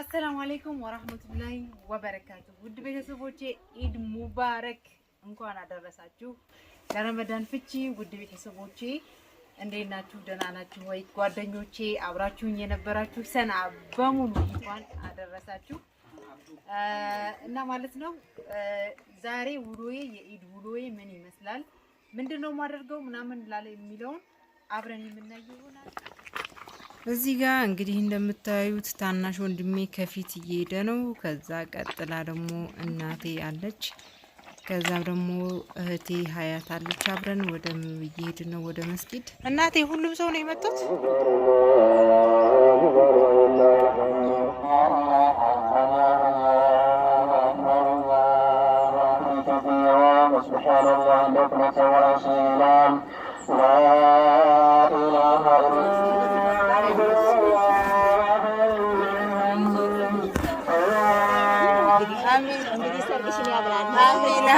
አሰላሙ አሌይኩም ወራህመቱላሂ ወበረካቱ። ውድ ቤተሰቦቼ ኢድ ሙባረክ፣ እንኳን አደረሳችሁ ለረመዳን ፍቺ። ውድ ቤተሰቦቼ እንዴት ናችሁ? ደህና ናችሁ ወይ? ጓደኞቼ አብራችሁኝ የነበራችሁ ሰና በሙሉ እንኳን አደረሳችሁ እና ማለት ነው። ዛሬ ውሎዬ የኢድ ውሎዬ ምን ይመስላል፣ ምንድን ነው የማደርገው ምናምን ላለ የሚለውን አብረን የምናየው ይሆናል። እዚህ ጋር እንግዲህ እንደምታዩት ታናሽ ወንድሜ ከፊት እየሄደ ነው። ከዛ ቀጥላ ደግሞ እናቴ አለች። ከዛ ደግሞ እህቴ ሀያት አለች። አብረን ወደ እየሄድን ነው ወደ መስጊድ። እናቴ ሁሉም ሰው ነው የመጡት።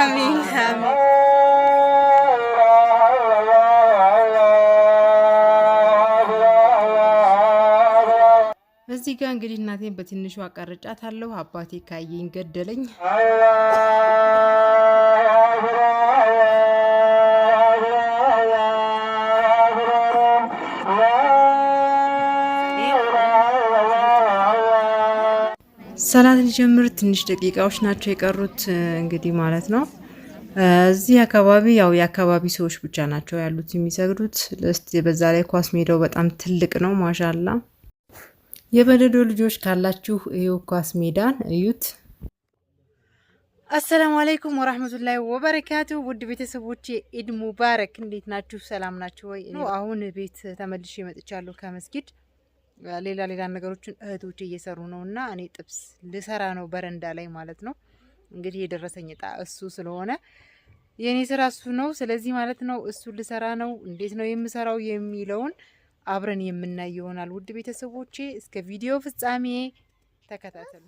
አሚን አሚን። በዚህ ጋር እንግዲህ እናቴን በትንሹ አቀርጫት አለው። አባቴ ካየኝ ገደለኝ። ሰላት ሊጀምር ትንሽ ደቂቃዎች ናቸው የቀሩት እንግዲህ ማለት ነው። እዚህ አካባቢ ያው የአካባቢ ሰዎች ብቻ ናቸው ያሉት የሚሰግዱት። ስ በዛ ላይ ኳስ ሜዳው በጣም ትልቅ ነው። ማሻላ የበደዶ ልጆች ካላችሁ ይኸው ኳስ ሜዳን እዩት። አሰላሙ አለይኩም ወራህመቱላሂ ወበረካቱ ውድ ቤተሰቦቼ ኢድ ሙባረክ። እንዴት ናችሁ? ሰላም ናችሁ ወይ? አሁን ቤት ተመልሼ መጥቻለሁ ከመስጊድ ሌላ ሌላ ነገሮችን እህቶች እየሰሩ ነው እና እኔ ጥብስ ልሰራ ነው በረንዳ ላይ ማለት ነው። እንግዲህ የደረሰኝ እጣ እሱ ስለሆነ የእኔ ስራ እሱ ነው። ስለዚህ ማለት ነው እሱ ልሰራ ነው። እንዴት ነው የምሰራው የሚለውን አብረን የምናይ ይሆናል። ውድ ቤተሰቦቼ እስከ ቪዲዮ ፍጻሜ ተከታተሉ።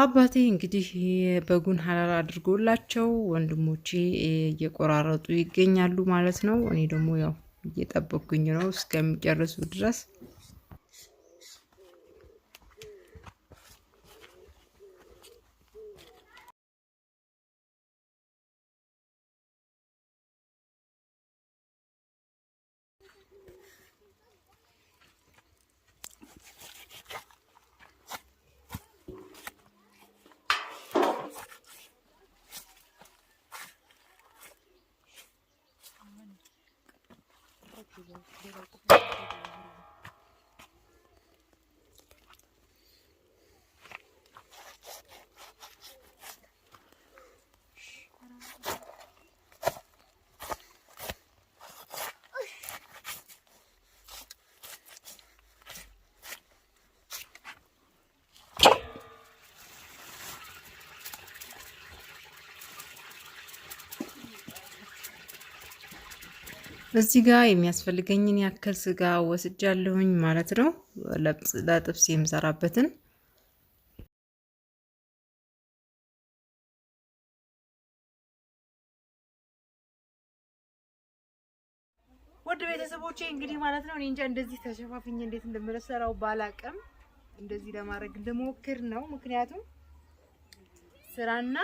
አባቴ እንግዲህ በጉን ሀላል አድርጎላቸው ወንድሞቼ እየቆራረጡ ይገኛሉ ማለት ነው። እኔ ደግሞ ያው እየጠበኩኝ ነው እስከሚጨርሱ ድረስ እዚህ ጋ የሚያስፈልገኝን ያክል ስጋ ወስጃለሁኝ ማለት ነው። ለጥብስ የምሰራበትን ውድ ቤተሰቦቼ እንግዲህ ማለት ነው እኔ እንጃ እንደዚህ ተሸፋፍኝ እንዴት እንደምሰራው ባላቅም እንደዚህ ለማድረግ ልሞክር ነው። ምክንያቱም ስራና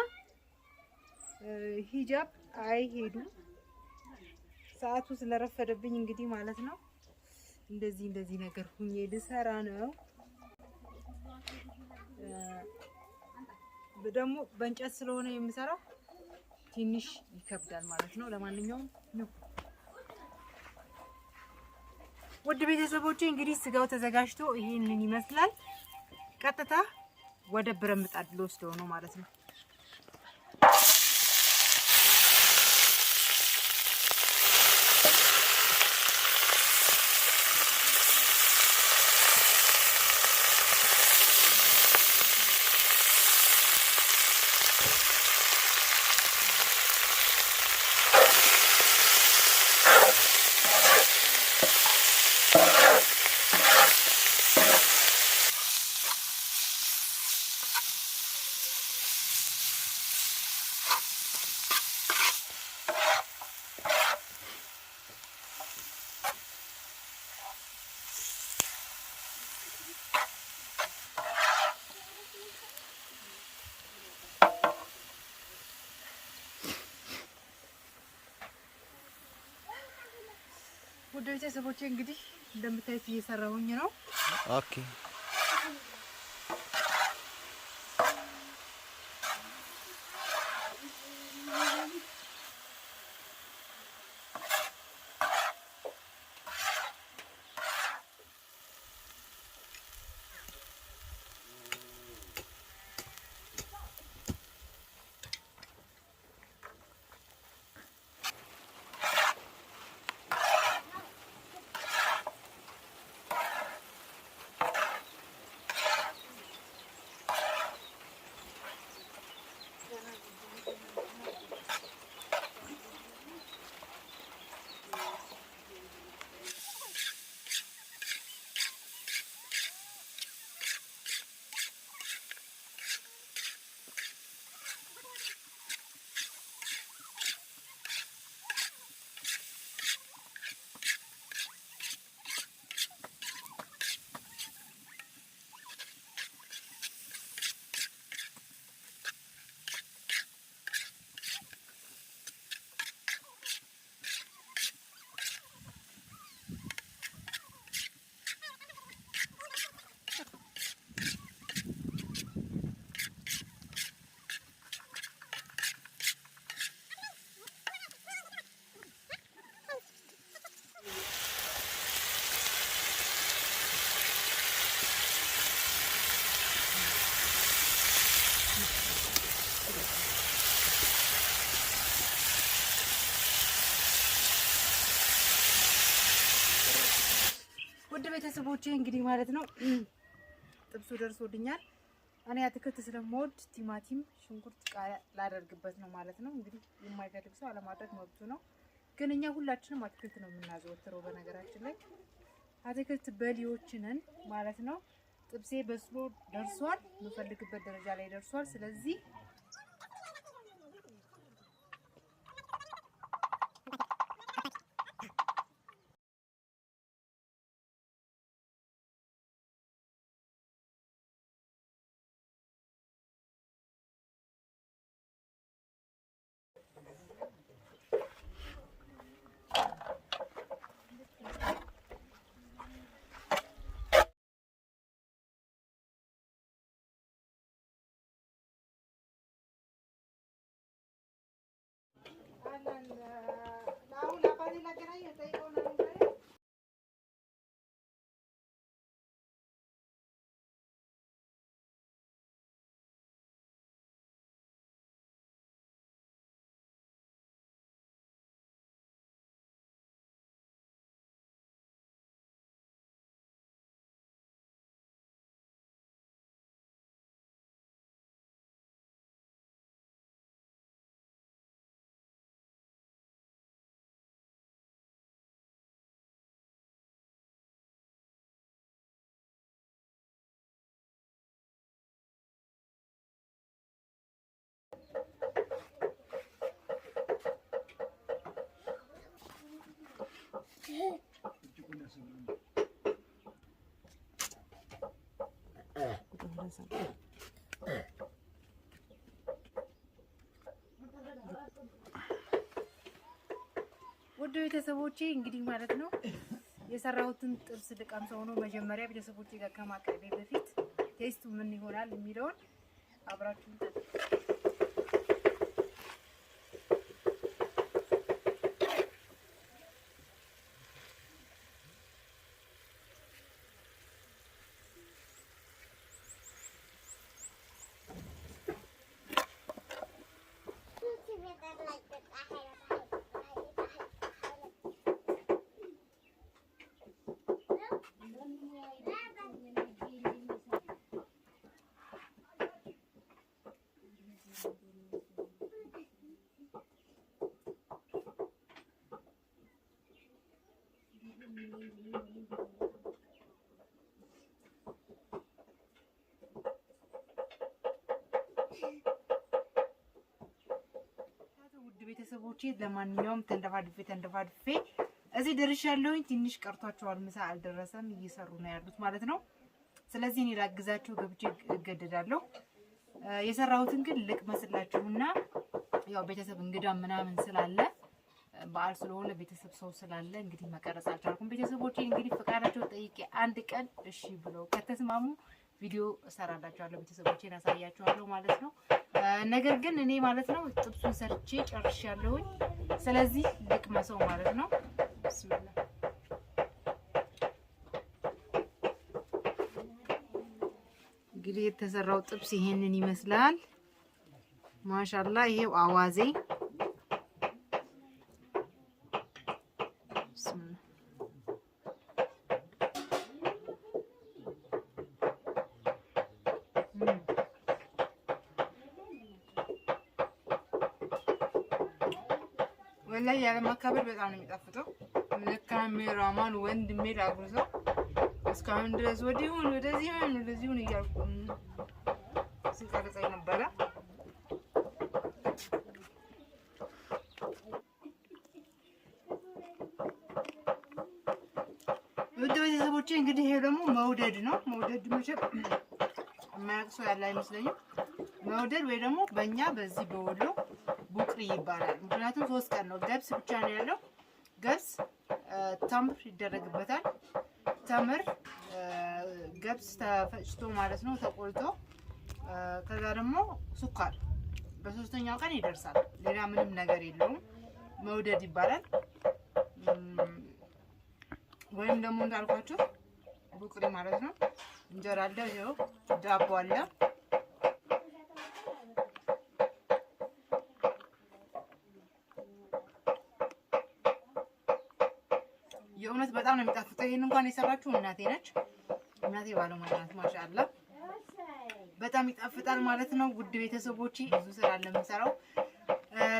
ሂጃብ አይሄዱም። ሰዓቱ ስለረፈደብኝ እንግዲህ ማለት ነው እንደዚህ እንደዚህ ነገር ሁኜ ልሰራ ነው። ደግሞ በእንጨት ስለሆነ የምሰራው ትንሽ ይከብዳል ማለት ነው። ለማንኛውም ነው ውድ ቤተሰቦቼ እንግዲህ ስጋው ተዘጋጅቶ ይሄንን ይመስላል። ቀጥታ ወደ ብረት ምጣድ ልወስደው ነው ማለት ነው። ውድ ቤተሰቦቼ እንግዲህ እንደምታዩት እየሰራሁኝ ነው። ኦኬ ቤተሰቦቼ እንግዲህ ማለት ነው ጥብሱ ደርሶልኛል። እኔ አትክልት ስለምወድ ቲማቲም፣ ሽንኩርት፣ ቃሪያ ላደርግበት ነው ማለት ነው። እንግዲህ የማይፈልግ ሰው አለማድረግ መብቱ ነው። ግን እኛ ሁላችንም አትክልት ነው የምናዘወትረው። በነገራችን ላይ አትክልት በሊዎችንን ማለት ነው። ጥብሴ በስሎ ደርሷል። የምፈልግበት ደረጃ ላይ ደርሷል። ስለዚህ ያሳል። ውድ ቤተሰቦቼ እንግዲህ ማለት ነው የሰራሁትን ጥብስ ልቀምሰው ነው። መጀመሪያ ቤተሰቦቼ ጋር ከማቅረቤ በፊት ቴስቱ ምን ይሆናል የሚለውን አብራችሁ ቤተሰቦቼ ለማንኛውም ተንደፋድፌ ተንደፋድፌ እዚህ ደርሻለሁኝ። ትንሽ ቀርቷቸዋል፣ ምሳ አልደረሰም፣ እየሰሩ ነው ያሉት ማለት ነው። ስለዚህ እኔ ላግዛቸው ገብቼ እገደዳለሁ። የሰራሁትን ግን ልቅመስላችሁና ያው ቤተሰብ እንግዳ ምናምን ስላለ በዓል ስለሆነ ቤተሰብ ሰው ስላለ እንግዲህ መቀረጽ አልቻልኩም። ቤተሰቦቼ እንግዲህ ፈቃዳቸው ጠይቄ አንድ ቀን እሺ ብለው ከተስማሙ ቪዲዮ እሰራላችኋለሁ ቤተሰቦቼን ያሳያችኋለሁ ማለት ነው። ነገር ግን እኔ ማለት ነው ጥብሱን ሰርቼ ጨርሻለሁኝ። ስለዚህ ልቅመሰው ማለት ነው። ብስሚላ እንግዲህ የተሰራው ጥብስ ይሄንን ይመስላል። ማሻላ ይሄው አዋዜ ወላሂ ያለ ማካበድ በጣም ነው የሚጣፍጠው። ለካሜራማን ወንድሜ ዳጉዞ እስካሁን ድረስ ወዲሁን ወደዚህ ሆን ወደዚህ ሆን እያልኩ ስንቀርጸኝ ነበረ። ውድ ቤተሰቦቼ እንግዲህ ይሄ ደግሞ መውደድ ነው። መውደድ መቼም የማያውቅ ሰው ያለ አይመስለኝም። መውደድ ወይ ደግሞ በእኛ በዚህ በወሎ ቡቅሪ ይባላል። ምክንያቱም ሶስት ቀን ነው። ገብስ ብቻ ነው ያለው። ገብስ ተምር ይደረግበታል። ተምር ገብስ ተፈጭቶ ማለት ነው፣ ተቆልቶ ከዛ ደግሞ ሱኳር በሶስተኛው ቀን ይደርሳል። ሌላ ምንም ነገር የለውም። መውደድ ይባላል። ወይም ደግሞ እንዳልኳችሁ ቡቅሪ ማለት ነው። እንጀራ አለ፣ ይኸው ዳቦ አለ። እውነት በጣም ነው የሚጣፍጠው። ይሄን እንኳን የሰራችሁ እናቴ ነች። እናቴ ባለሙያ ናት። ማሻአላ በጣም ይጣፍጣል ማለት ነው። ውድ ቤተሰቦቼ ብዙ ስራ ለምሰራው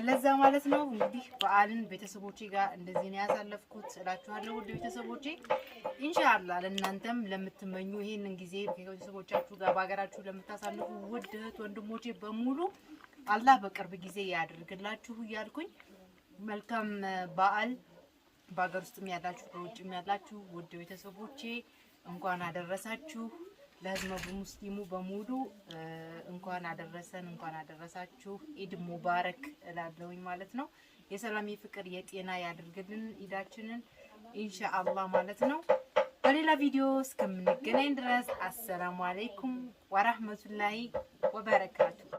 ለዛ ማለት ነው እንግዲህ በዓልን ቤተሰቦቼ ጋር እንደዚህ ነው ያሳለፍኩት እላችኋለሁ። ውድ ቤተሰቦቼ ኢንሻአላህ ለእናንተም ለምትመኙ ይሄንን ጊዜ ከቤተሰቦቻችሁ ጋር በሀገራችሁ ለምታሳልፉ ውድ እህት ወንድሞቼ በሙሉ አላህ በቅርብ ጊዜ ያድርግላችሁ እያልኩኝ መልካም በዓል በሀገር ውስጥም ያላችሁ በውጭም ያላችሁ ውድ ቤተሰቦቼ እንኳን አደረሳችሁ። ለህዝመቡ ሙስሊሙ በሙሉ እንኳን አደረሰን እንኳን አደረሳችሁ። ኢድ ሙባረክ እላለሁኝ ማለት ነው። የሰላም የፍቅር፣ የጤና ያድርግልን ኢዳችንን ኢንሻአላህ ማለት ነው። በሌላ ቪዲዮ እስከምንገናኝ ድረስ አሰላሙ አለይኩም ወራህመቱላሂ ወበረካቱ።